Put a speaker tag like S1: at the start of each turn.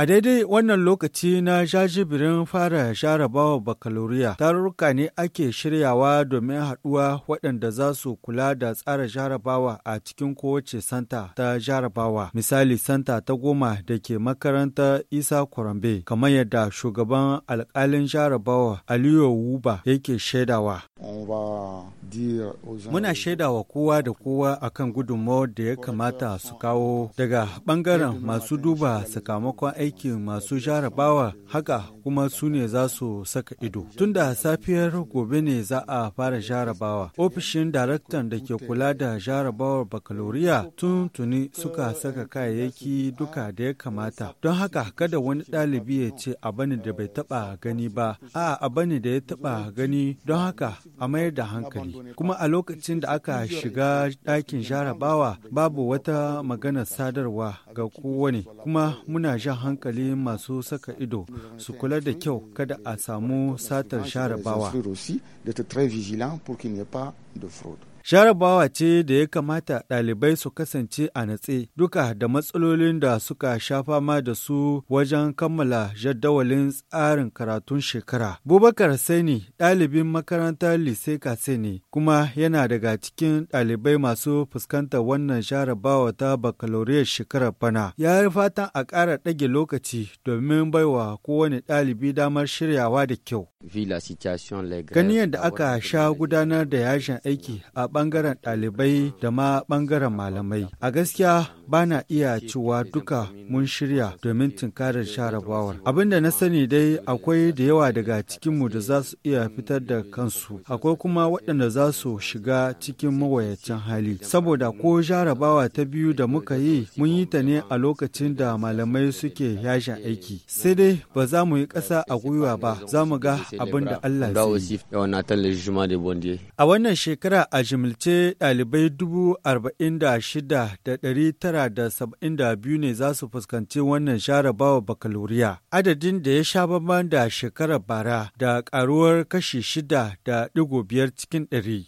S1: A daidai wannan lokaci na jajibirin fara bawa bakaloriya, tarurruka ne ake shiryawa domin haɗuwa waɗanda za su kula da tsara jarabawa a cikin kowace santa ta jarabawa. Misali santa ta goma da ke makaranta Isa Kurambe, kamar yadda shugaban alƙalin jarabawa Aliyu Wuba yake shaidawa. Muna wa kowa da kowa akan gudunmawar da ya kamata su kawo daga bangaren masu duba sakamakon aikin masu jarabawa haka kuma su ne za su saka ido. tunda safiyar gobe ne za a fara jarabawa. Ofishin daraktan da ke kula da jarabawar bakaloriya tun tuni suka saka kayayyaki duka da ya kamata. Don haka kada wani ɗalibi ya ce abani da bai taɓa gani ba, a abani da ya taɓa gani don haka a mayar da hankali kuma a lokacin da aka shiga ɗakin jarabawa babu wata magana sadarwa ga kowane kuma muna jan hankali masu saka ido su kula da kyau kada a samu satar jarabawa. Jarabawa ce da ya kamata ɗalibai su kasance a natse duka da matsalolin da suka sha fama da su wajen kammala jadawalin tsarin karatun shekara. Bubakar Saini ɗalibin makarantar Lise ne, kuma yana daga cikin ɗalibai masu fuskantar wannan jarabawa ta baccalaureate shekarar bana. Ya yi fatan a ƙara ɗage lokaci domin baiwa kowane ɗalibi damar shiryawa da kyau. Ganiyar da aka sha gudanar da yashin aiki a ɓangaren ɗalibai da ma ɓangaren malamai. A gaskiya Bana iya cewa duka mun shirya domin tunkarar sharabawar Abin da na sani dai akwai da yawa daga cikinmu da za su iya fitar da kansu, akwai kuma waɗanda za su shiga cikin mawayacin hali. Saboda ko jarabawa ta biyu da muka yi, mun yi ta ne a lokacin da malamai suke yashin aiki. Sai dai ba za mu yi ƙasa a gwiwa ba, za mu ga abin da Allah A wannan shekara a jimilce ɗalibai dubu arba'in da shida da ɗari tara da da biyu ne za su fuskanci wannan bawa bakaloriya. Adadin da ya sha bamban da shekarar bara da karuwar kashi shida da digo biyar cikin ɗari.